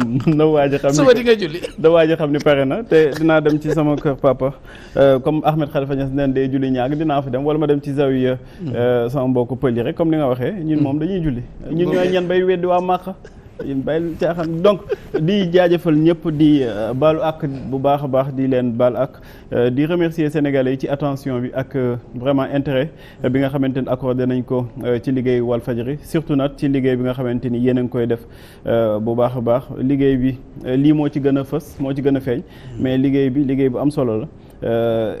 na waaj a xam ni suba di nga julli na waaj a xam ni pare na te dinaa dem ci sama kër papa euh, comme Ahmed Khalifa Niass neen dee julli ñaag dinaa fi dem wala ma dem ci zawiya hmm. euh, sama mbokk pël yi rek comme ni nga waxee ñun hmm. moom dañuy julli ñun ñooy ñan bay weddi waa Màkka yéen bàyyi caaxaan donc di jaajëfal ñëpp di euh, baalu ak bu baax a baax di leen baal ak euh, di remercier sénégalais yi ci attention bi ak euh, vraiment intérêt bi nga xamante ni accordé nañ ko ci liggéey Walfadjri surtout nag ci liggéey bi nga xamante ni yéen a ngi koy def bu baax a baax liggéey bi lii moo ci gën a fës moo ci gën a feeñ mais liggéey bi liggéey bu am solo la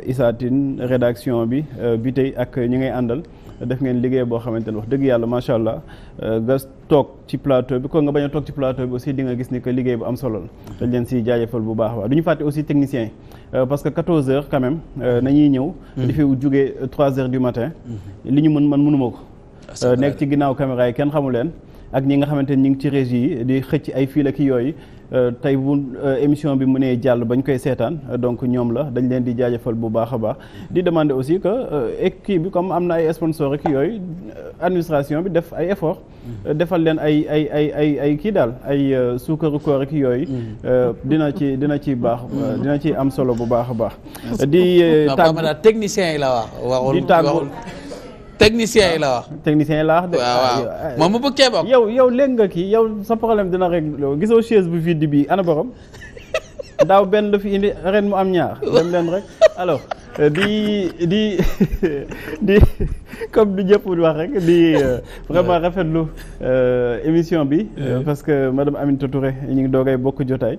Issa Tine rédaction bi bi tey ak ñu ngay àndal def ngeen liggéey boo xamante ne wax dëgg yàlla macha allah euh, nga toog ci plateau bi kon nga bañ a toog ci plateau bi aussi di nga gis ni que liggéey bu am solo la dañ leen si jaajëfal bu baax waaw du ñu fàtte aussi technicien yi euh, parce que 14 heures quand même euh, nañuy ñëw mm-hmm. di fi jugee 3 heures du matin mm-hmm. li ñu mën man mënuma ko ah, nekk ci ginnaaw caméra yi kenn xamu leen ak ñi nga xamante ni ñu ngi ci régie yi di xëcc ay fil ak yooyu euh, tey bu euh, émission bi mu nee jàll bañ koy seetaan euh, donc ñoom la dañ leen di jaajëfal bu baax a baax di demander aussi que équipe bi comme am na ay sponsor ak yooyu administration bi def ay effort mm-hmm. defal leen ay ay ay ay ay kii daal ay suukaru koor ak yooyu mm-hmm. dina ci dina ci baax mm-hmm. dina ci am solo bu baax a baax di tàggu technicien yi la wax waxul technicien yi la wax. technicien yi la wax ah, ah, moom mu bëggee bokk. yow yow léegi nga kii yow sa problème dina réglé woo gisoo chaise bu vide bi ana borom daaw benn la indi ren mu am ñaar dem leen rek alo di di di comme du jëpp wax rek di euh, vraiment rafetlu euh, émission bi euh, parce que madame Aminata Touré ñu ngi doogay bokk jotaay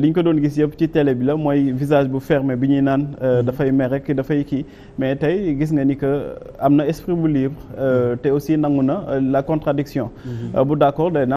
li ñu ko doon gis yëpp ci télé bi la mooy visage bu fermé bi ñuy naan mm-hmm. dafay mer rek dafay kii mais tey gis nga ni que am na esprit bu libre mm-hmm. te aussi nangu na la contradiction mm-hmm. bu d'accord